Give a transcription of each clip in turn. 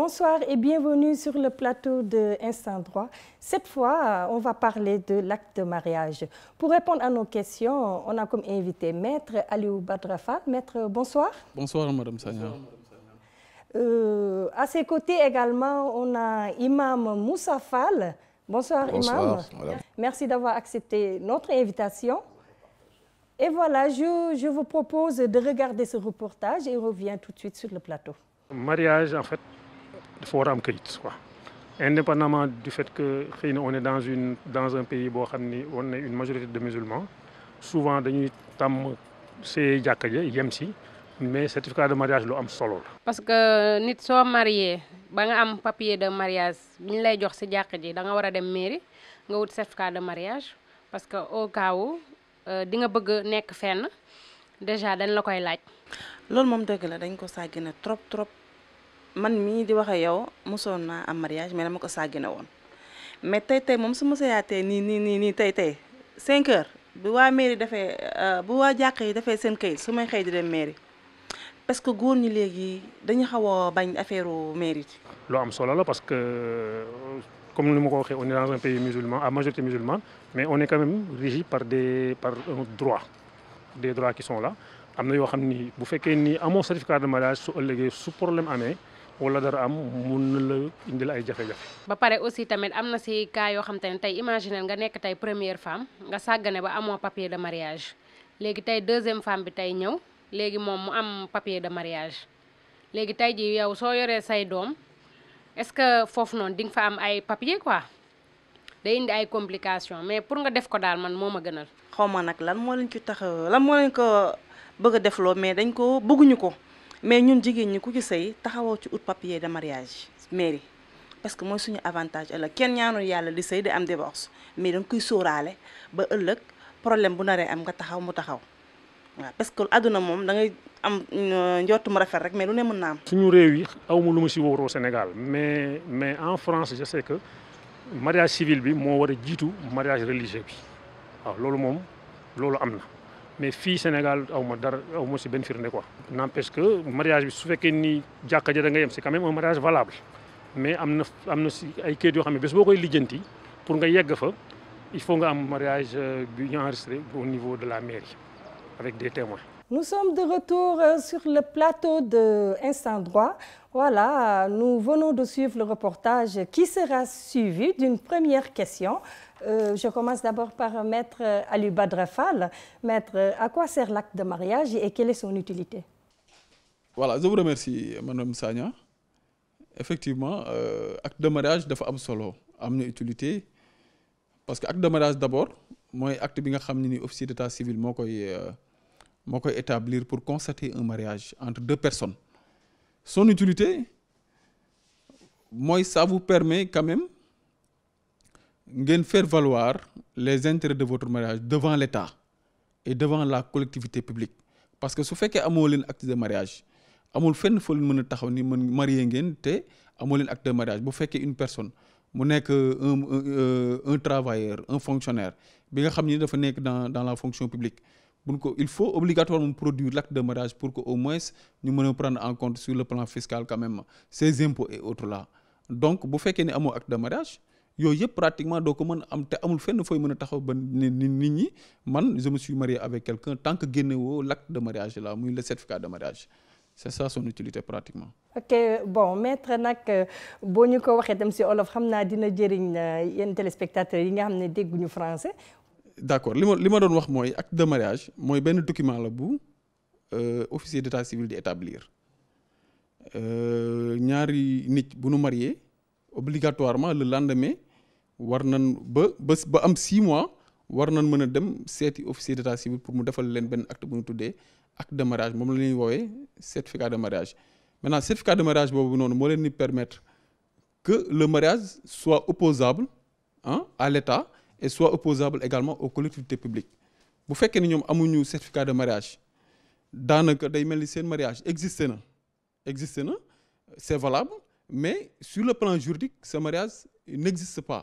Bonsoir et bienvenue sur le plateau de Instant Droit. Cette fois, euh, on va parler de l'acte de mariage. Pour répondre à nos questions, on a comme invité Maître Aliou Badrafa. Maître, bonsoir. Bonsoir, Madame Sagna. Euh, à ses côtés également, on a Imam Moussa Fall. Bonsoir, Imam. Merci d'avoir accepté notre invitation. Et voilà, je, vous propose de regarder ce reportage et revient tout de suite sur le plateau. dafa war a am këyit quoi indépendamment du fait que xëy na on est dans une dans un pays boo xam ni on est une majorité de musulmans souvent dañuy tàmm see jàkka ja yem si mais certificat de mariage lu am solo parce que euh, nit soo marié ba nga am papier de mariage bi ñu lay jox si jàkka ji da nga war a dem mairie nga wut certificat de mariage parce que au cas euh, di nga bëgg nekk fenn déjà dañ la koy laaj. loolu moom dëgg la dañ ko sàggi na trop trop. man mii di wax ak yow mosoon naa am mariage mais ma ko sàggi na woon mais tey tey moom su ma seeyaatee nii nii nii nii tey tey 5 heures waa mairie defee euh, bu waa jàkk yi dafay seen këyit su may xëy di dem mairie parce que góor ñi léegi dañu xaw a bañ affaire mairie ci loo am solo la parce que euh, comme ni ma ko waxee on est dans un pays musulman à majorité musulmane mais on est quand par des par un droit des droits qui sont là am na yoo xam ni bu fekkee ni amoo certificat de mariage su ëllëgee amee wala dara am mun na la indil ay jafe-jafe. ba pare aussi tamit am na si cas yoo xam te ne tey imaginer nga nekk tey première femme nga sàggane ba amoo papier de mariage léegi tey deuxième femme bi tey ñëw léegi moom mu am papier de mariage léegi tey ji yow soo yoree say doom est-ce que foofu noonu di nga fa am ay papier quoi day indi ay complications mais pour nga def ko daal man moo ma gënal. xaw ma nag lan moo leen ci tax lan moo leen ko bëgg a mais dañ ko bëgguñu ko. mais ñun jigéen ñi ku ci sëy taxawoo ci ut papier de mariage mairie parce que mooy suñu avantage ëllëg kenn ñaanul yàlla di say de am divorce mais danga koy sóoraale ba ëllëg problème bu naree am nga taxaw mu taxaw waaw parce que àdduna moom da ngay am euh, njortu mu rafet rek mais lu ne mën naa am. suñu réew yi awma lu ma si wóoroo Sénégal mais mais en France je sais que mariage civil bi moo war a jiitu mariage religieux bi waaw loolu moom loolu am na. mais fii Sénégal aw ma dara aw ma si benn firnde quoi. n'empêche que mariage bi su fekkee ni jàkka ja da nga yem c'est quand même un mariage valable mais am na am na si ay kayit yoo xam ne bés boo koy lijjanti pour nga yegg fa il faut nga am mariage euh, bi ñu enregistré au niveau de la mairie avec des témoins. Nous sommes de retour euh, sur le plateau de Instant Droit. Voilà, nous venons de suivre le reportage qui sera suivi d'une première question. Euh, je commence d'abord par euh, Maître euh, Ali Badrafal. Maître, à quoi sert l'acte de mariage et quelle est son utilité je vous remercie, Madame Sanya. Effectivement, acte de mariage dafa am solo am na utilité parce que acte de mariage d'abord mooy acte bi nga xam ne ni officier d'état civil moo koy. moo koy établir pour constater un mariage entre deux personnes son utilité mooy ça vous permet quand même ngeen faire valoir les intérêts de votre mariage devant l'État et devant la collectivité publique parce que su fekkee amoo leen acte de mariage amul fenn foo leen mën a taxaw nii mën marié ngeen te amoo leen acte de mariage bu fekkee une personne mu nekk un un euh, travailleur un fonctionnaire bi nga xam ni dafa nekk dans dans la fonction publique buñ ko il faut obligatoirement produire l'acte de mariage pour que au moins ñu mën prendre en compte sur le plan fiscal quand même ces impôts et autres là donc bu fekkee ne amoo ak de mariage yooyu yëpp pratiquement doo ko mën am te amul fenn fooy mën a taxaw ba ni nit ñi man je me suis marié avec quelqu'un tant que génne woo de mariage là muy le certificat de mariage c'est ça son utilité pratiquement. ok bon maître nag boo ñu ko waxee tam si olof xam naa dina jëriñ euh, yenn téléspectateurs yi nga xam ne dégguñu français d'accord li ma li ma doon wax mooy acte de mariage mooy benn document la bu euh, officier d'état civil di établir euh, ñaari nit bu nu marié obligatoirement le lendemain war nan ba ba ba am six mois war nan mën a dem seeti officier d'état civil pour mu defal leen benn acte bu ñu tuddee acte de mariage moom la woowee certificat de mariage maintenant certificat de mariage boobu noonu moo leen di permettre que le mariage soit opposable ah à l'État et soit opposable également aux collectivités publiques bu fekkee ni ñoom amuñu certificat de mariage daanaka day mel ni seen mariage existé na existé na c'est valable mais sur le plan juridique ce mariage n'existe pas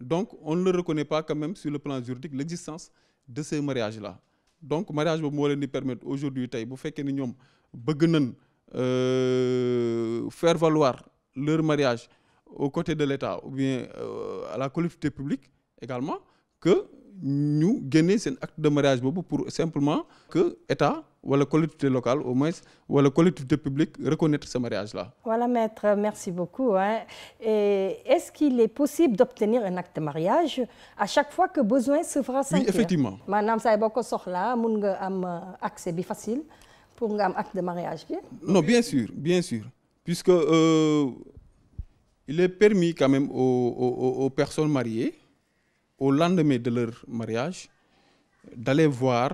donc on ne le reconnaît pas quand même sur le plan juridique l'existence de ces mariages là donc mariage boobu moo leen di permettre aujourd'hui tey bu fekkee ni ñoom bëgg nañ euh, faire valoir leur mariage au côté de l'État ou bien euh, à la collectivité publique également que ñu génnee seen acte de mariage boobu pour simplement que état wala collectivité locale au moins wala collectivité publique reconnaître ce mariage là. voilà maître merci beaucoup hein. Et est-ce qu'il est possible d'obtenir un acte de mariage à chaque fois que besoin se fera sentir. oui effectivement. maanaam saa boo ko soxlaa mun nga am euh, accès bi facile pour nga am acte de mariage bi. non bien sûr bien sûr puisque euh, il est permis quand même aux aux aux personnes mariées. au lendemain de leur mariage, d'aller voir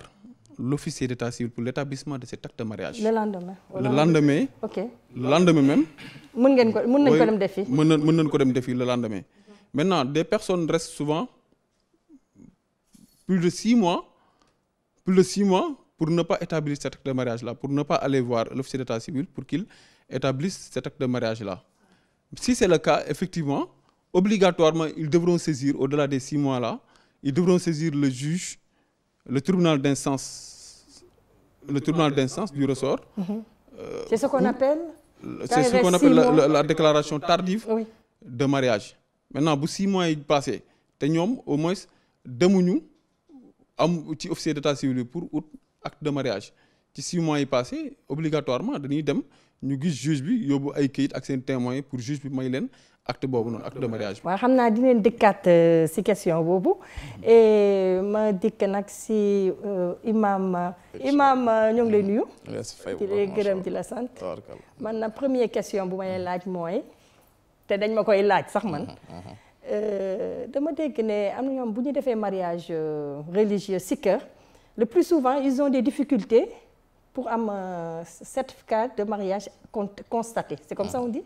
l'officier d'état civil pour l'établissement de cet acte de mariage. le lendemain. le lendemain. ok le lendemain même. mën ngeen ko mën nañ ko dem defi. mën na mën nañ ko dem defi le lendemain. maintenant des personnes restent souvent plus de six mois plus de six mois pour ne pas établir cet acte de mariage là pour ne pas aller voir l'officier d'état civil pour qu'il établisse cet acte de mariage là si c'est le cas effectivement. obligatoirement, ils devront saisir, au-delà des six mois la ils devront saisir le juge, le tribunal d'instance, le tribunal d'instance du ressort. Mm -hmm. euh, c'est ce qu'on appelle C'est ce la, déclaration tardive de mariage. Maintenant, bu six mois yi passé te ñoom au moins demuñu am ci officier d'état civil pour ut acte de mariage ci six mois yi passé obligatoirement dañuy dem ñu gis juge bi yóbbu ay kayit ak seen témoin pour juge bi may leen acte boobu noonu acte de mariage bi. xam naa dinañ dikkaat euh, si question boobu et ma dikk nag si euh, imam imam euh, ñoo ngi lay mm-hmm. nuyu. di gërëm di la sant. man na première question bu may laaj mooy te dañ ma koy laaj sax man. Mm-hmm, mm-hmm. dama dégg ne am na ñoom bu ñu defee mariage religieux si kër le plus souvent ils ont des difficultés pour am certificat de mariage constaté c'est comme ça on dit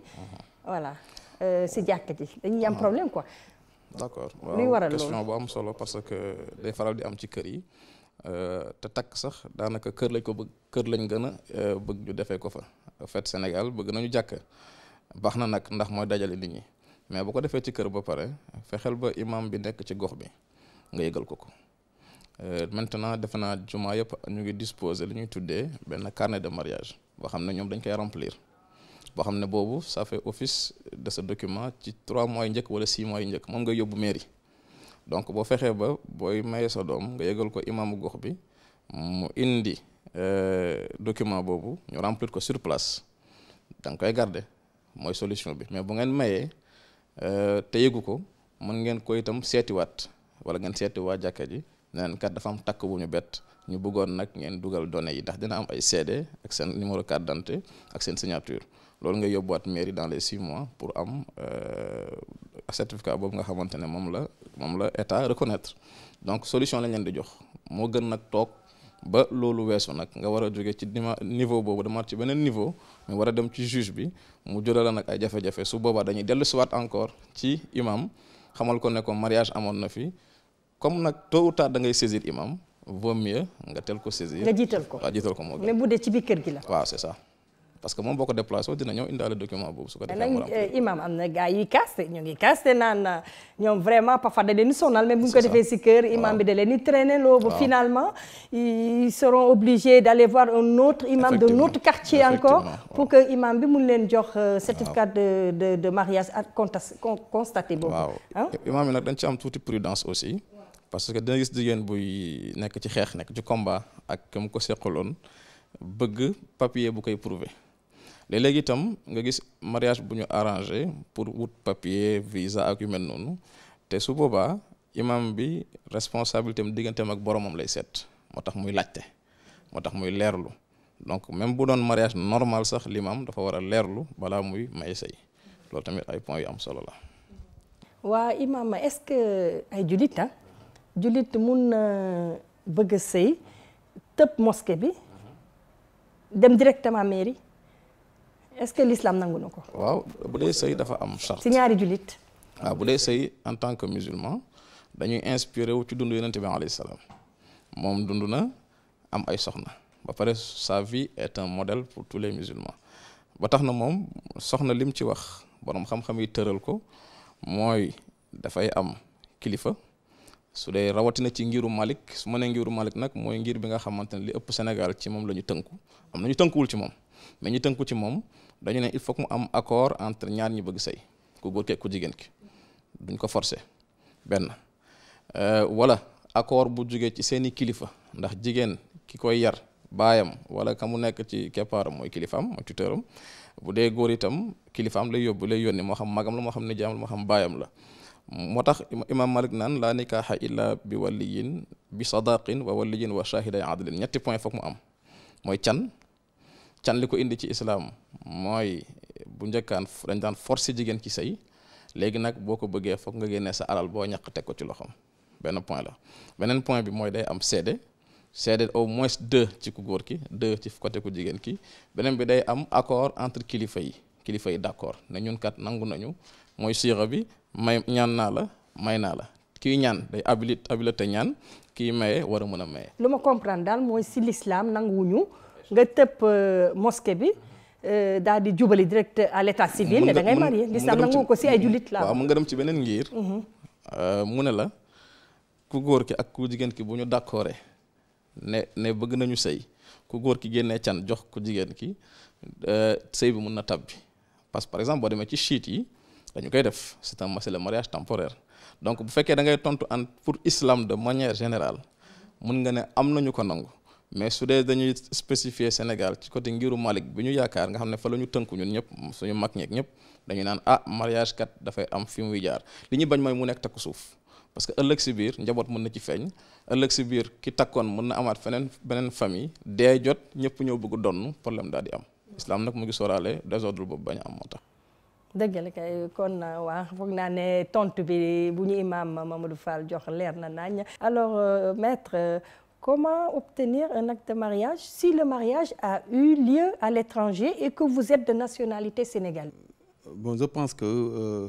voilà. si jàkka ji dañuy am ah. problème quoi. d' accord waaw question bu am solo parce que day faral di am ci kër yi euh, te takk sax daanaka kër lañ ko bëgg kër lañ gën a euh, bëgg ñu defee ko fa en fait Sénégal bëgg nañu jàkk baax na nag ndax mooy dajale nit ñi mais bu ko defee ci kër ba pare fexeel ba imam bi nekk ci gox bi nga yëgal ko ko euh, maintenant defe naa jumaa yëpp ñu ngi disposer li ñuy tuddee benn carnet de mariage boo xam ne ñoom dañ koy remplir. boo xam ne boobu ça fait office de ce document ci trois mois yu njëkk wala six mois yu njëkk moom nga yóbbu mairie donc boo fexee ba booy maye sa doom nga yeggal ko imaamu gox bi mu indi euh, document boobu ñu remplir ko sur place da nga koy garder mooy solution bi mais bu ngeen mayee euh, te yëgu ko mën ngeen ko itam seetiwaat wala ngeen seeti waa jàkka ji neneen kat dafa am takk bu ñu bett ñu bëggoon nag ngeen dugal données yi ndax dina am ay CD ak seen numéro carte d'identité ak seen loolu nga yóbbuwaat mairie dans les six mois pour am euh, certificat boobu nga xamante ne moom la moom la état reconnaître donc solution lañ leen di jox moo gën nag toog ba loolu weesu nag nga war a jóge ci dima niveau boobu demaat ci beneen niveau war a dem ci juge bi mu jural la nag ay jafe-jafe su boobaa dañuy dellu siwaat encore ci imam xamal ko ne ko mariage amoon na fi comme nag tôt ou tard ngay saisir imam vaut mieux nga tel ko saisir. nga jiital ko waaw ko moo gën. mais bu dee ci biir kër parce que moom boo ko déplacé dina ñëw indaale document boobu su ko defee eh, na gars yi kaste ñu ngi kaste naan ñoom vraiment parfois da leen di mais bu ñu ko defee si kër imam bi da leen di traîner loo ba finalement ils bi mun leen jox euh, certificat de de de mariage ak constaté boobu waaw imam yi nag dañ ci am tuuti prudence aussi parce que dina gis jigéen buy nekk ci xeex nekk ci combat ak comme ko seqaloon bëgg papier bu koy prouver léeg-léeg itam nga gis mariage bu ñu arrangé pour wut papier visa ak yu mel noonu te su boobaa imam bi responsabilité am digganteem ak boromam lay set moo tax muy laajte moo tax muy leerlu donc même bu doon mariage normal sax li l'imam dafa war a leerlu balaa muy may sey loolu tamit ay points yu am solo la. waa imam est-ce que ay jullit ah mun na bëgg a sëy tëb mosquée bi dem directement mairie. est-ce que l'islam nangu na ko. waaw bu dee sëy dafa am charte. si ñaari jullit. waaw ah, bu dee sëy en tant que musulman dañuy inspiré wu ci dund yonent bi alayhi salaam moom dund na am ay soxna ba pare sa vie est un modèle pour tous les musulmans ba tax na moom soxna lim ci wax borom xam-xam yi tëral ko mooy dafay am kilifa. su dee rawatina ci ngiru Malik su ma nee ngiru Malik nag mooy ngir bi nga xamante ne li ëpp Sénégal ci moom la ñu tënku am na ñu tënkuwul ci moom mais ñu tënku ci moom dañu ne il faut mu am accord entre ñaar ñu bëgg sëy ku góor kee ku jigéen ki duñ ko forcer benn euh, wala accord bu jógee ci seeni kilifa ndax jigéen ki koy yar baayam wala ka mu nekk ci keppaaram mooy kilifaam mooy tuteuram bu dee góor itam kilifaam lay yóbbu lay yónni moo xam magam la moo xam nijaam la moo xam baayam la moo tax imaam malik naan laa nikaaxa illa bi waliyin bi sadaqin wa waliyin wa shahiday adlin ñetti point foog mu am mooy can can li ko indi ci islaam mooy bu njëkkaan dañ daan forcer jigéen ci say léegi nag boo ko bëggee foog nga génnee sa alal boo ñàkk teg ko ci loxoom benn point la beneen point bi mooy day am seede seede au moins deux ci ku góor ki deux ci côté ku jigéen ki beneen bi day am accord entre kilifa yi kilifa yi d'accord ne ñun kat nangu nañu mooy siira bi may ñaan naa la may naa la ki ñaan day habilité habilité ñaan ki maye war mën a maye. lu ma comprendre daal mooy si l'islam nanguwuñu nga tëpp euh, mosquée bi euh, daal di jubali direct à l' état civil. ne da ngay marié lislaam nag moo ko si ay jullit laa. mun nga dem ci beneen ngir. Mhm. Euh, mu ne la ku góor ki ak ku jigéen ki bu ñu d'accord ne ne bëgg nañu sëy ku góor ki génnee can jox ku jigéen ki sëy bi mun na tabbi parce que par exemple boo demee ci chiite yi dañu koy def c'est un c'est le mariage temporaire donc bu fekkee da ngay tontu an pour islam de manière générale mun nga ne am nañu ko nangu. mais su dee dañuy spécifier Sénégal ci côté ngiru Malick bi ñu yaakaar nga xam ne fa la ñu tënku ñun ñëpp suñu mag ñeeg ñëpp dañuy naan ah mariage kat dafay am fi muy jaar li ñu bañ ma mu nekk takku suuf parce que ëllëg si biir njaboot mën na ci feeñ ëllëg si biir ki takkoon mën na amaat feneen beneen famille dee jot ñëpp ñëw bugg donn problème daal di am islam nag mu ngi sóoraale désordre boobu bañ a am moo tax. dëgg la kay kon euh, waa foog naa ne tontu bi bu ñu imaam Mamadou Fall jox leer na nañ alors euh, maître Comment obtenir un acte de mariage et que vous êtes de nationalité euh, je pense que euh,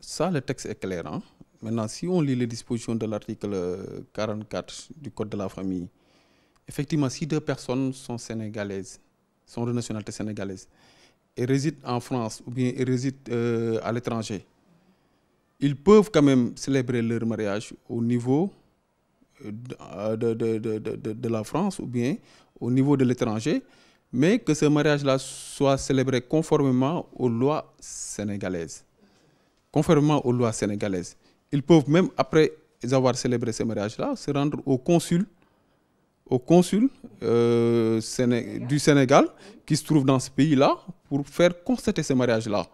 ça, le texte est clair. Hein? Maintenant, si on lit les dispositions de l'article 44 euh, du Code de la famille, effectivement, si deux personnes sont sénégalaises, sont de nationalité sénégalaise, en France ou bien et résident euh, à l'étranger, ils peuvent quand même célébrer leur au niveau de, de, de, de, de la France ou bien au niveau de l'étranger, mais que ce mariage-là soit célébré conformément aux lois sénégalaises. Conformément aux lois sénégalaises. Ils peuvent même, après avoir célébré ce mariage-là, se rendre au consul, au consul euh, Séné du Sénégal qui se trouve dans ce pays-là pour faire constater ce mariage-là.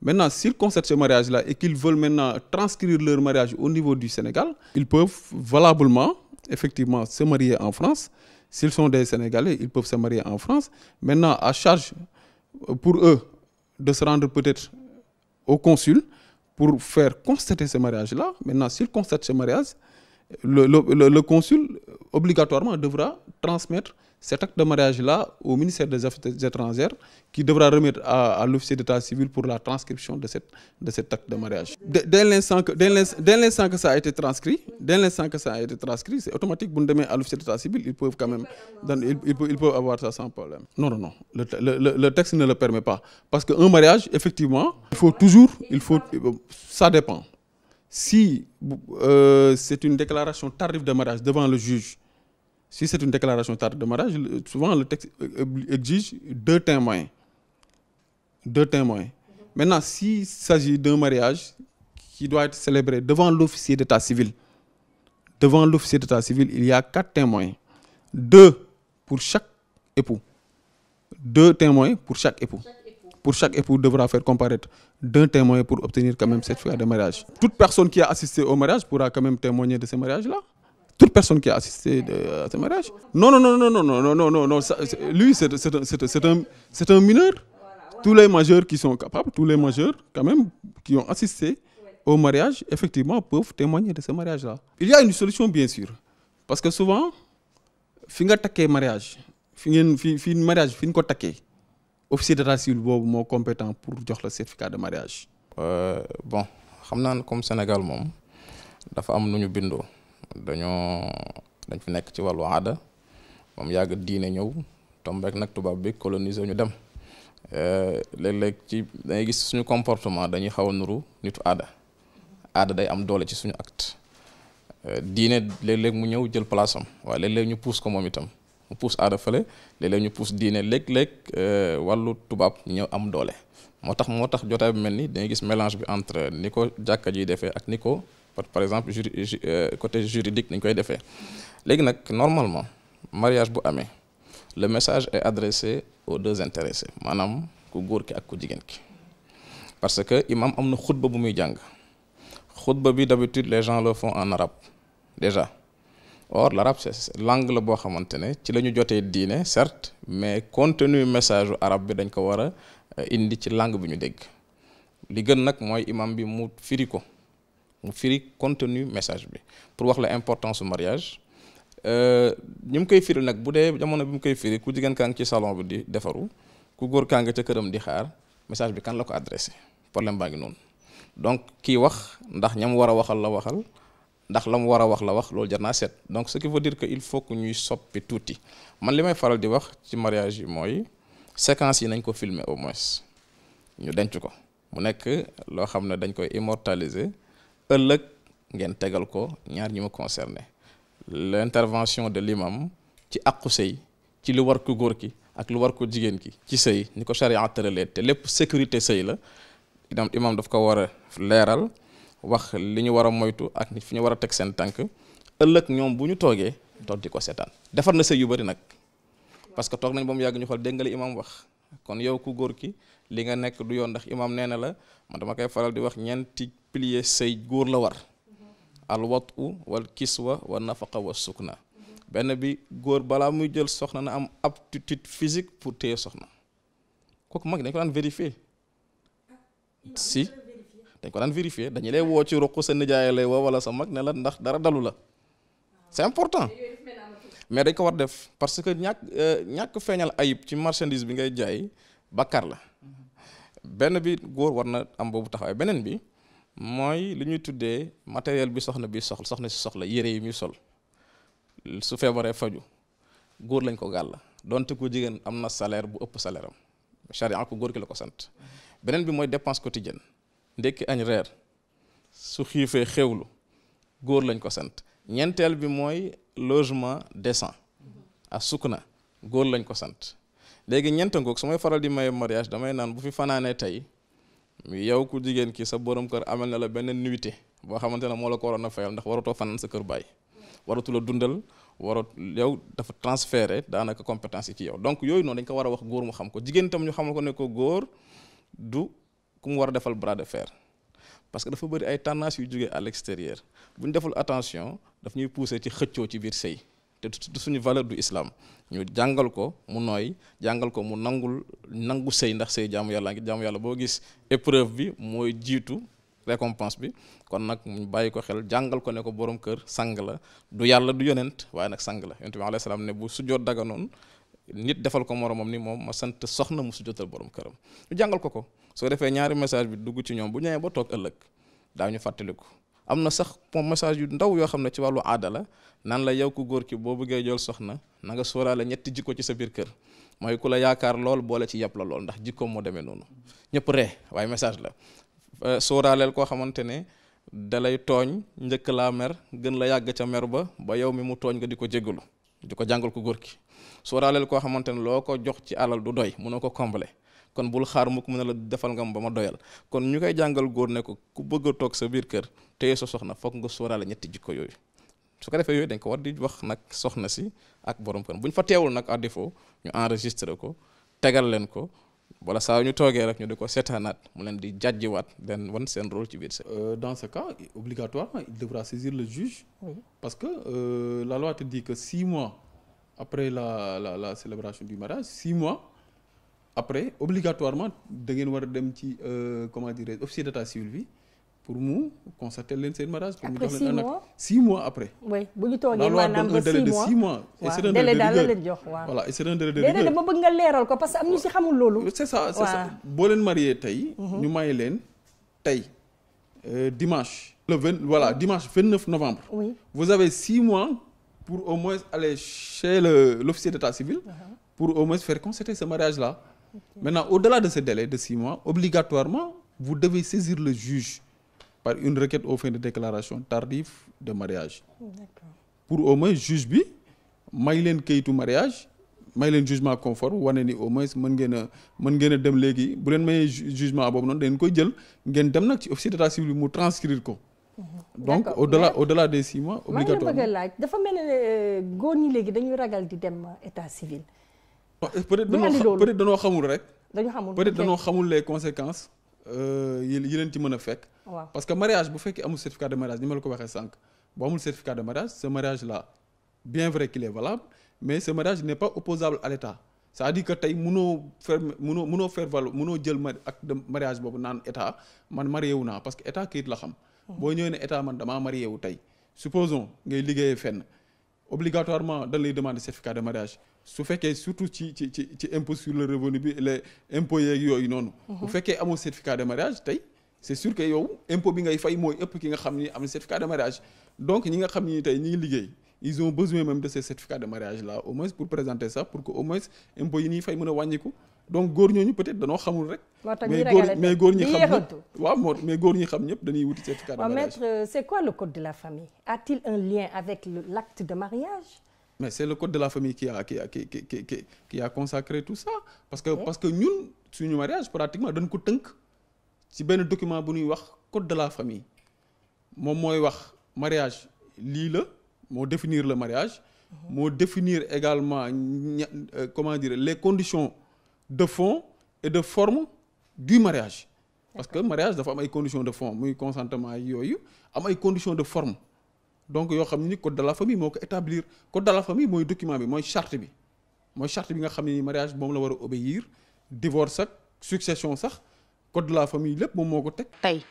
Maintenant, s'ils constatent ce mariage-là et qu'ils veulent maintenant transcrire leur mariage au niveau du Sénégal, ils peuvent valablement, effectivement, se marier en France. S'ils sont des Sénégalais, ils peuvent se marier en France. Maintenant, à charge euh, pour eux de se rendre peut-être au consul pour faire constater ce mariage-là. Maintenant, s'ils constatent ce mariage, le, le, le, le consul obligatoirement devra transmettre Cet acte de mariage-là au ministère des Affaires étrangères qui devra remettre à, à l'officier d'état civil pour la transcription de, cette, de cet acte de mariage. De, dès l'instant que, que, ça a été transcrit, dès l'instant c'est automatique, vous demandez à l'officier d'état civil, ils peuvent quand même, dans, le, texte ne le permet pas. Parce qu'un mariage, effectivement, il faut toujours, il faut, ça dépend. Si euh, c'est une déclaration tardive de mariage devant le juge, si c'est une déclaration tarde de mariage souvent le texte exige deux témoins deux témoins maintenant s'il s'agit d'un mariage qui doit être célébré devant l'officier d'état civil devant l'officier d'état civil il y a quatre témoins deux pour chaque époux deux témoins pour chaque époux pour chaque époux devra faire comparaître d'un témoin pour obtenir quand même cette de mariage toute personne qui a assisté au mariage pourra quand même témoigner de ce mariage là toute personne qui a assisté euh, à ce mariage. Non, no non, non, non, non, non, non, non. Lui, c'est un, mineur. Tous les majeurs qui sont capables, tous les majeurs quand même qui ont assisté au mariage, effectivement, peuvent témoigner de ce mariage-là. Il y a une solution, bien sûr. Parce que souvent, fin attaqué mariage, fi fin, mariage, fin attaqué, officier d'état civil bobu moo compétent pour jox le certificat de mariage. Euh, bon, xamna comme Sénégal moom dafa am nu ñu bindo. dañoo dañ fi nekk ci wàllu aada moom yàgg diine ñëw tom rek nag tubaab bi coloniser ñu dem eh, léeg-léeg ci dangay gis suñu comportement dañuy xaw a nuru nitu aada aada day am doole ci suñu acte eh, diine léeg-léeg mu ñëw jël place am waaye léeg-léeg ñu puus ko moom itam mu puus aada fële léeg-léeg ñu puus diine léeg-léeg eh, wàllu tubaab ñëw am doole moo tax moo tax jotaay bi mel ni dangay gis mélange bi entre ni ko jàkka ji defee ak ni ko par exemple juri euh, côté juridique nañ koy defee léegi nag normalement mariage bu amee le message est adressé aux deux intéressés maanaam ku góor ki ak ku jigéen ki parce que imam am na xutba bu muy jàng xutba bi d'habitude les gens le font en arabe déjà or l'arabe c'est langue la boo xamante ne ci la ñu jotee diine certes mais contenu message arab bi dañ ko war a euh, indi ci langue bi ñu dégg li nag mooy imam bi mu firi ko mu firi contenu message bi pour wax la importance su mariage ñu euh, ngi koy firi nag bu dee jamono bi mu koy firi ku jigéen kaa ngi ci salon bi di defaru ku góor kaa ngi ca këram di xaar message bi kan la ko adressé problème baa ngi noonu donc kii wax ndax ñam war a waxal la waxal ndax la mu war a wax la wax loolu jar naa seet donc ce qui veut dire que il faut que ñuy soppi tuuti man li may faral di wax ci mariage yi mooy séquence yi nañ ko filmer au moins ñu denc ko mu nekk loo xam ne dañ koy immortaliser ëllëg ngeen tegal ko ñaar ñi ma concerné l'intervention de l'imam ci àqu sëy ci lu war ko góor ki ak lu war ko jigéen ki ci sëy ni ko charia tëralee te lépp sécurité sëy la itam imam daf ko war a leeral wax li ñu war a moytu ak fi ñu war a teg seen tànk ëllëg ñoom bu ñu toogee toog di ko seetaan defar na sëy yu bari nag parce que toog nañ ba mu yàgg ñu xool dégg nga imam wax kon yow ku góor ki li nga nekk du yoon ndax imaam nee na la man dama koy faral di wax ñeenti pilier say góor la war al watu wal kiswa wa nafaqa wa na benn bi góor balaa muy jël soxna na am aptitude physique pour téye soxna kooku mag dañ ko daan vérifier si dañ ko daan vérifier dañu lay woo ci ruq sa nijaayale lay woo wala sa mag ne la ndax dara dalu la c'est important mais dañ ko war def parce que ñàkk euh, ñàkk feeñal ayib ci marchandise bi ngay jaay bakkar la benn bi góor war na am boobu taxawaay beneen bi mooy li ñuy tuddee matériel bi soxna bi soxla soxna si soxla yére yi muy sol su feebaree faju góor lañ ko gàll donte ko jigéen am na salaire bu ëpp salaire am charia ko góor ki la ko sant beneen bi mooy dépense quotidienne ndekki añ reer su xiifee xewlu góor lañ ko sant ñeenteel bi mooy logement décent a sukk na góor lañ ko sant léegi ñeent ngoog su may faral di maye mariage damay naan bu fi fanaanee muy yow ku jigéen ki sa borom kër amal na la benn nuitée boo xamante ne moo la ko waroon a fayal ndax waratoo fanaan sa kër bàyyi waratu la dundal warat yow dafa transféré daanaka compétence yi ci yow donc yooyu noonu dañ ko war a wax góor mu xam ko jigéen itam ñu xamal ko ne ko góor du ku mu war a defal bras de fer parce que dafa bëri ay tendance yu jógee à l'extérieur bu ñu deful attention daf ñuy pousser ci xëccoo ci biir sëy te du suñu valeur du islam ñu jàngal ko mu nooy jàngal ko mu nangul nangu sëy ndax sëy jaamu yàlla ngi jaamu yàlla boo gis épreuve bi mooy jiitu récompense bi kon nag ñu bàyyi ko xel jàngal ko ne ko borom kër sang la du yàlla du yonent waaye nag sang la yonent bi alayhi salaam ne bu sujjoot daganoon nit defal ko moromam ni moom ma sant soxna mu sujjootal borom këram ñu jàngal ko ko soo defee ñaari message bi dugg ci ñoom bu ñëwee boo toog ëllëg daa daañu fàttaliku am na sax moom message yu ndaw yoo xam ne ci wàllu aadala la naan la yow ku góor ki boo bëggee jël soxna na nga sooraale ñetti jikko ci sa biir kër mooy ku la yaakaar lool boole ci yàpp la lool ndax jikko moo deme noonu ñëpp ree waaye message la euh, sooraaleel koo xamante ne dalay tooñ njëkk laa mer gën la yàgg ca mer ba ba yow mi mu tooñ nga di ko jégalu di ko jàngal ku góor ki sóoraaleel koo xamante ne loo ko jox ci alal du doy mënoo ko combler kon bul xaar mukk mu ne la defal nga ba ma doyal kon ñu koy jàngal góor ne ko ku bëgg a toog sa biir kër téye sa soxna foog nga sóoraale ñetti jikko yooyu su ko defee yooyu dañ ko war di wax nag soxna si ak borom kër bu ñu fa teewul nag à défaut ñu enregistré ko tegal leen ko wala saa ñu toogee rek ñu di ko seetaanaat mu leen di jàjjiwaat leen wan seen rôle ci biir se euh, dans ce cas obligatoirement il devra saisir le juge parce que euh, la loi te dit que mois après la la la célébration du mariage six mois après obligatoirement da ngeen war a dem ci euh, comment dirais-je officier d'état civil bi pour mu constater leen seen mariage. pour mu jox leen un acte six mois après. oui bu ñu toogee maanaam ba six mois la loi donne un délai de six mois. et c'est daal la leen jox waaw voilà et c'est de rigueur. déedéet bëgg nga leeral ko parce que am ñu si xamul loolu. Euh, c'est ça boo leen marié tey. Mhm. ñu may leen tey euh, dimanche. le vingt voilà dimanche vingt neuf novembre. oui vous avez six mois pour au moins aller chez le l'officier d'état mhm. au moins faire constater ce mariage là. Maintenant, au-delà de ce délai de six mois, obligatoirement, vous devez saisir le juge par une requête aux fins de déclaration tardive de mariage. Pour au moins juge bi may leen kayitu mariage may leen jugement conforme wane ni au moins mën ngeen mën ngeen a dem léegi bu leen mayee jugement boobu noonu dangeen koy jël ngeen dem nag ci officier d'état civil mu transcrire ko. Mhm. donc au-delà au-delà des six mois. obligatoirement maa la bëgg a laaj dafa mel ne euh, góor ñi léegi dañuy ragal Eh, peut-être dañoo peut-être dañoo xamul rek. dañu xamul peut-être dañoo xamul les euh, yi leen ci mën a fekk. waaw parce que mariage bu fekkee amul certificat de mariage ni sànq bu amul certificat de mariage ce mariage là bien vrai qu'il est valable mais ce mariage ne pas opposable à l'État cest à que tey munoo faire mënoo mënoo faire valoir jël ma ak mariage boobu naan État man marié wu naa parce que État kayit la xam. boo ñëwee ne État man damaa marié wu tey supposons ngay liggéeyee fenn obligatoirement dañ lay demander certificat de mariage. su fekkee surtout ci ci ci ci impôt sur le revenu bi les impôts yeeg yooyu noonu. Mhm. bu fekkee amoo certificat de mariage tey c' est sûr que yow impôt bi ngay fay mooy ëpp ki nga xam ni am certificat de mariage donc ñi nga xam ni tey ñi ngi liggéey. ils ont besoin même de ces certificats de mariage là au moins pour présenter ça pour que au moins impôts yi nii fay mën a wàññiku donc góor ñooñu peut-être danoo xamul rek. mais góor mais góor ñi xam ñëpp waaw moo ñëpp dañuy wuti certificat de mariage. c'est t il un mais c'est le code de la famille qui a qui a qui qui qui qui a consacré tout ça parce que parce que ñun suñu mariage pratiquement dañ ko tënk si benn document bu ñuy wax code de la famille moom mooy wax mariage lii la moo définir le mariage. Mhm. moo définir également euh, comment dire les conditions de fond et de formes du mariage. parce que mariage dafa am ay conditions de fond muy consentement yooyu am ay conditions de forme. donc yoo xam ne ni code de la famille moo ko établir code de la famille mooy document bi mooy charte bi mooy charte bi nga xam ne ni mariage moom la war a obéir divorce ak succession sax code de la famille lépp moom moo ko teg. tey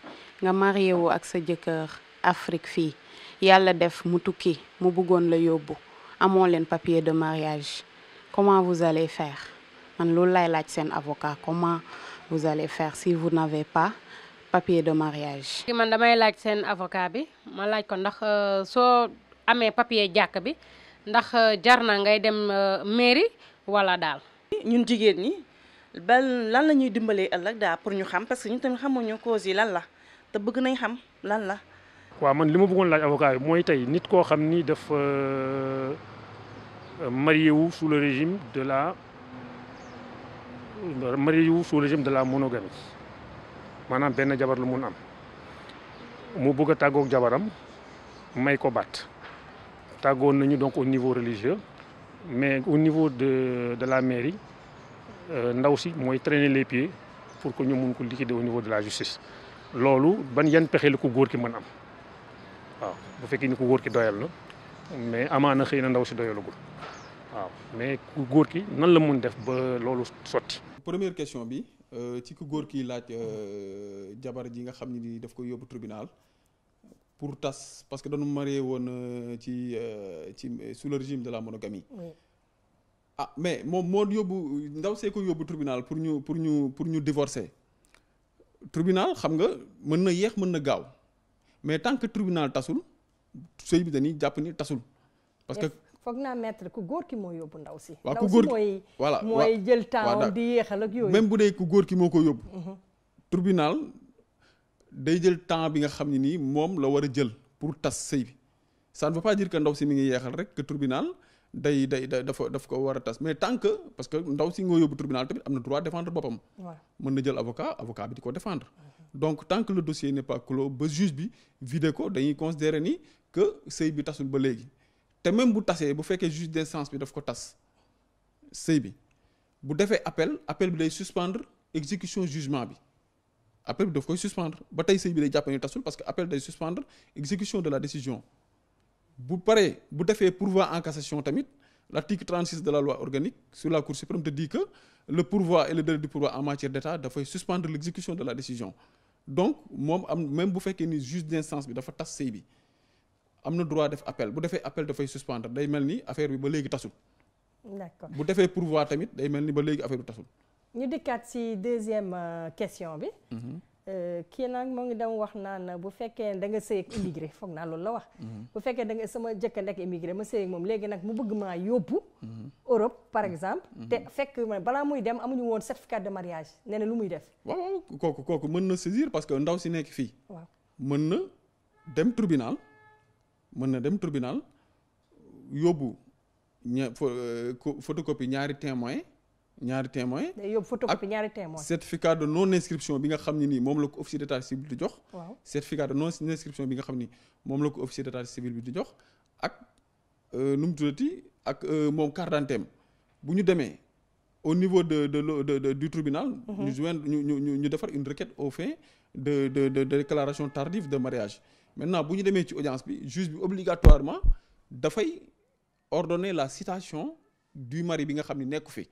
nga marié wu ak sa jëkkër Afrique fii yàlla def mu tukki mu bëggoon la yóbbu amoo leen papier de mariage comment vous allez faire man loolu lay laaj seen avocat comment vous allez faire si vous n'avez pas. papier de mariage. man damay laaj seen avocat bi ma laaj ko ndax euh, soo amee papier jàkk bi ndax euh, jar na ngay dem euh, mairie wala daal. ñun jigéen ñi ba lan la ñuy dimbalee ëllëg daal pour ñu xam parce que ñun tamit xamuñu cause yi lan la te bëgg nañ xam lan la. waaw man li ma buggoon laaj avocat bi mooy tey nit koo xam ni dafa marié wu sous le régime de la marié wu sous le régime de la monogamie. maanaam benn jabar lu mun am mu bugg a tàggoog jabaram may ko baat tàggoon nañu donc au niveau religieux mais au niveau de de la mairie euh, ndaw si mooy traîner les pieds pour que ñu mun ko liquider au niveau de la justice loolu ban yan pexee la ko góor ki mën am waaw bu fekkee ni ko góor ki doyal na mais amaana xëy na ndaw si doyalagul waaw mais ku góor ki nan la mun def ba loolu sotti. première question bi. Euh, ci ku góor kii laaj euh, jabar ji nga xam ne ni daf koy yóbbu tribunal pour tas parce que dañu marié woon euh, ci ci sous le régime de la monogamie ah mais moom moo yóbbu ndaw see ko yóbbu tribunal pour ñu pour ñu pour ñu divorcer tribunal xam nga mën na yéex mën na gaaw mais tant que tribunal tasul sëy bi dañuy jàpp ni tasul parce que foog naa maître ku góor ki moo yóbbu ndaw si. waaw bu dee ku góor ki moo ko yóbbu. Mhm. tribunal day jël temps bi nga xam ni nii moom la war a jël pour tas sëy bi sa ne veut pas dire que ndaw si mi ngi yeexal rek que tribunal day day dafa daf ko war a tas mais tant que parce que ndaw si nga yóbbu tribunal tamit am na droit défendre boppam. mën na jël avocat avocat bi di ko défendre. Mhm. donc tant que dossier n'est pas clos ba juge bi vidé ko dañuy considérer ni que bi tasul ba léegi. te même bu tasee bu fekkee juge d'instance bi daf ko tas sëy bi bu defee appel appel bi day suspendre exécution jugement bi bi daf koy suspendre ba tey sëy bi day jàpp ñu tasul parce que appel day suspendre exécution de la décision paree defee pourvoi en cassation tamit l'article 36 de la loi organique sur la Cour suprême te dit que le pourvoi et le en matière d'État dafay suspendre l'exécution de la décision donc moom am même bu fekkee ni juge d'instance bi dafa tas sëy bi am na droit def appel bu defee appel dafay suspendre day mel ni affaire bi ba léegi tasul. d'accord bu defee pourvoi tamit day mel ni ba léegi affaire bi tasul. ñu dikkaat ci deuxième euh, question bi. Mm-hmm. Euh, kii nag moo ngi dem wax naan bu fekkee da nga sëy ak foog naa loolu la wax. Mm-hmm. bu fekkee da nga sama jëkk nekk immigré ma sëy moom léegi nag mu bëgg maa yóbbu. Mm-hmm. Europe par exemple. te fekk balaa muy dem amuñu woon certificat de mariage nee lu muy def. waaw kooku kooku mën na saisir parce que ndaw si nekk fii. waaw mën na dem tribunal. mën na dem tribunal yóbbu ña euh, photocopie ñaari témoin ñaari témoin yóbbu photocopie ñaari témoin certificat de non inscription bi nga xam ne nii moom la ko officier d'état di jox. waaw certificat de non inscription bi nga xam ni moom la ko officier d'état civil bi di jox ak euh, nu mu tuddati ak euh, moom carte d'identité bu ñu demee. au niveau de de, de, de du tribunal. Mhm. ñu joindre ñu ñu ñu defar une requête au fait de de de déclaration tardive de mariage. maintenant bu ñu demee ci audience bi juge bi obligatoirement dafay ordonner la citation du mari bi nga xam ne nekk fi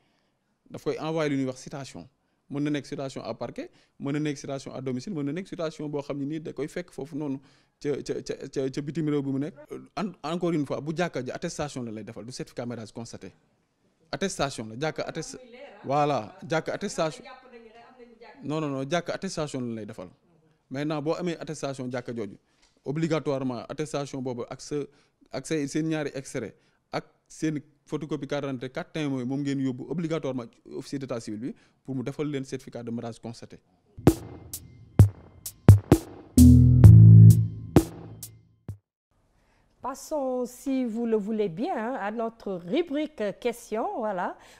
daf koy envoyer lu ñuy wax citation mën na nekk citation à parquet mën na nekk citation à domicile mën na nekk citation boo xam ne nii da koy fekk foofu noonu ca ca ca ca bitim réew bi mu nekk. Euh, encore une fois bu jàkka ji attestation la lay defal du certificat mariage constaté attestation la jàkka attest ah? voilà jàkka ah? attestation non non non jàkka attestation la lay defal maintenant boo amee attestation jàkka jooju. obligatoirement attestation boobu ak ak say seen ñaari extrait ak seen photocopie carte d'identité quatre temps moom ngeen yóbbu obligatoirement officier d'état civil pour mu defal leen certificat de mariage constaté Passons, si vous le voulez bien, à notre rubrique questions.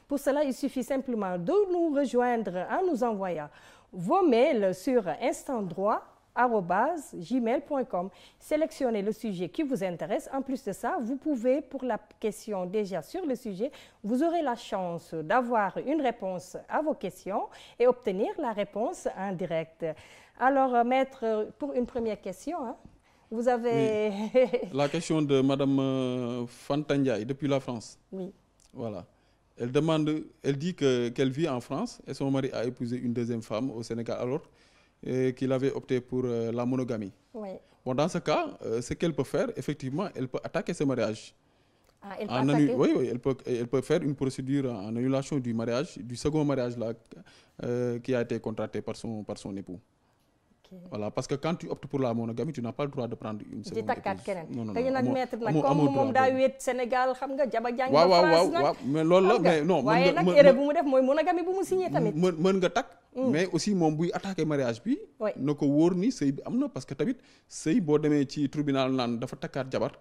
Pour cela, il suffit simplement de nous rejoindre en nous envoyant vos mails sur instant droit gmail.com. Sélectionnez le sujet qui vous intéresse. En plus de ça, vous pouvez, pour la question déjà sur le sujet, vous aurez la chance d'avoir une réponse à vos questions et obtenir la réponse en direct. Alors, euh, maître, pour une première question, hein, vous avez... Oui. La question de Madame euh, Fantandiaï, depuis la France. Oui. Elle demande, elle dit qu'elle qu vit en France et son mari a épousé une deuxième femme au Sénégal alors qu'il avait opté pour euh, la monogamie. Oui. Bon, dans ce cas, euh, ce qu'elle peut faire, effectivement, elle peut attaquer ce mariage. Ah, elle peut en annu... oui, oui, elle peut, elle peut faire une procédure en annulation du mariage, du second mariage là, euh, qui a été contracté par son, par son époux. voilà parce que quand tu optes pour la monogamie tu n'as pas le droit de prendre une seconde. takkaat keneen dañu nag maître nag comme moom daa wéet Sénégal xam nga jaba jàng waaw waaw waaw waaw mais loolu la mais non waaye mooy monogamie bu mu mën mën nga takk mm. mais aussi moom buy attaqué mariage bi na ko wóor ni sëy bi am na parce que tamit sëy boo demee ci tribunal naan dafa takkaat jabar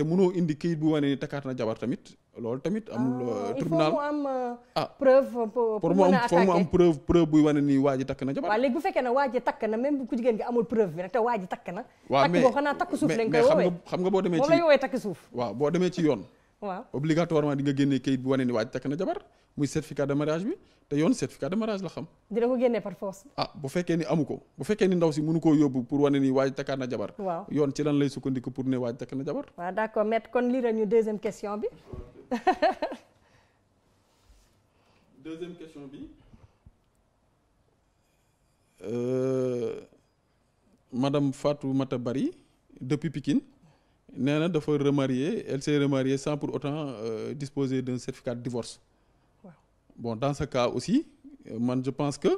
te mënoo indi kayit bu wane ni takkaat na jabar tamit lool tamit amul ah, euh, tribunal euh, ah preuve pour mu am pour mu am preuve buy wane ni waa ji takk na jabar waaw léegi bu fekkee ne waa ji takk na même ku jigéen gi amul preuve bi nag te waa ji takk na waaw mais boo xam nga demee ci moom la ñu boo demee ci yoon waaw obligatoirement di nga génnee kayit bu wane ni waaj takk na jabar muy certificat de mariage bi te yoon certificat de mariage la xam. dina ko génnee par force. ah bu fekkee ni amu ko bu fekkee ni ndaw si mënu koo yóbbu pour wane ni waaj takkaat na jabar. waaw yoon ci lan lay sukkandiku pour ne waaj takk na jabar. waaw d'accord maître kon lii la ñu deuxième question bi. deuxième question bi euh, Bari depuis Pikine. nee na dafa remarier elle s'est remariée sans pour autant euh, disposer d'un certificat de divorce waaw bon dans ce cas aussi euh, man je pense que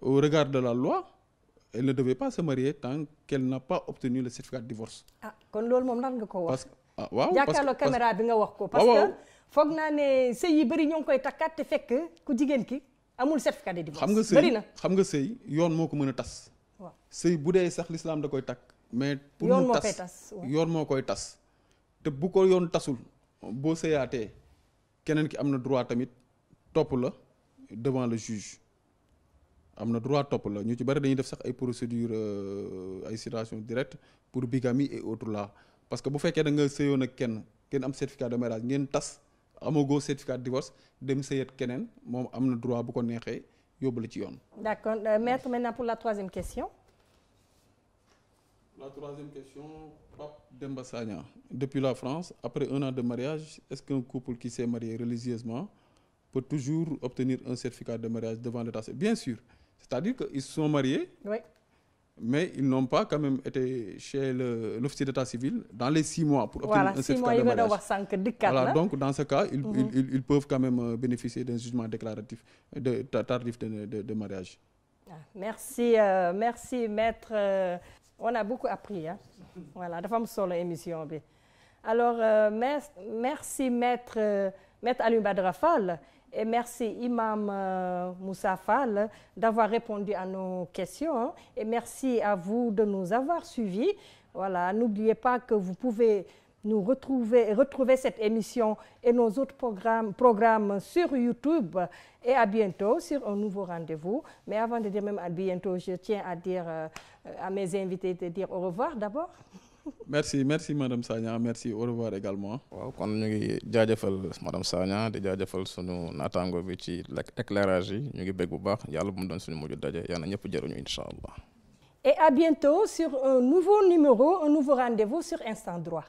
au de la loi elle ne devait pas se marier tant qu'elle n'a pas obtenu le certificat de divorce ah kon loolu moom nan nga ko wax ah waaw jàkkaarloo caméra bi nga wax ko parce que foog naa ne sëy yi bëri ñoo ngi koy takkaat te fekk ku jigéen ki amul certificat de divorce bëri na xam nga sëy yoon moo ko mën a tas waaw sëy bu dee sax l'islam da koy takk mais pour mu tas yoon moo koy tas te bu ko yoon tasul boo sëyaatee keneen ki am na droit tamit topp la devant le juge am na droit topp la ñu ci bari dañuy def sax ay procédure euh, ay citation directe pour bigamie et autres là parce que bu fekkee da nga sëyoon ak kenn kenn am certificat de mariage ngeen tas amagoo certificat de divorce dem sëyat keneen moom am na droit bu ko neexee yóbbu la ci yoon. La troisième question, Pape Demba Sagna. Depuis la France, après un an de mariage, est-ce qu'un couple qui s'est marié religieusement peut toujours obtenir un certificat de mariage devant l'État? Bien sûr. C'est-à-dire qu'ils sont mariés. Mais ils n'ont pas quand même été chez le l'officier d'état civil dans les six mois pour obtenir voilà, un certificat de mariage. Voilà, donc dans ce cas, ils, mhm. peuvent quand même euh, bénéficier d'un jugement déclaratif de mariage. Ah, euh, merci, maître. Euh, on a beaucoup appris hein voilà dafa am solo émission bi alors euh, merci, merci maître euh, maître Alioune Badara Fall et merci imam euh, Moussa Fall d'avoir répondu à nos questions hein, et merci à vous de nous avoir suivis voilà n'oubliez pas que vous pouvez nous retrouver, retrouver cette émission et nos autres programmes, programmes sur YouTube. Et à bientôt sur un nouveau rendez-vous. Mais avant de dire même à bientôt, je tiens à dire euh, à mes invités de d'abord. merci madame Sagna merci au revoir également. madame Sagna di jaajëfal sunu naataango bi ci éclairage yi ñu ngi bég bu baax yàlla bu mu doon suñu mujj daje yàlla na ñëpp jëruñu incha allah. et à bientôt sur un nouveau numéro un nouveau rendez-vous sur Instant Droit.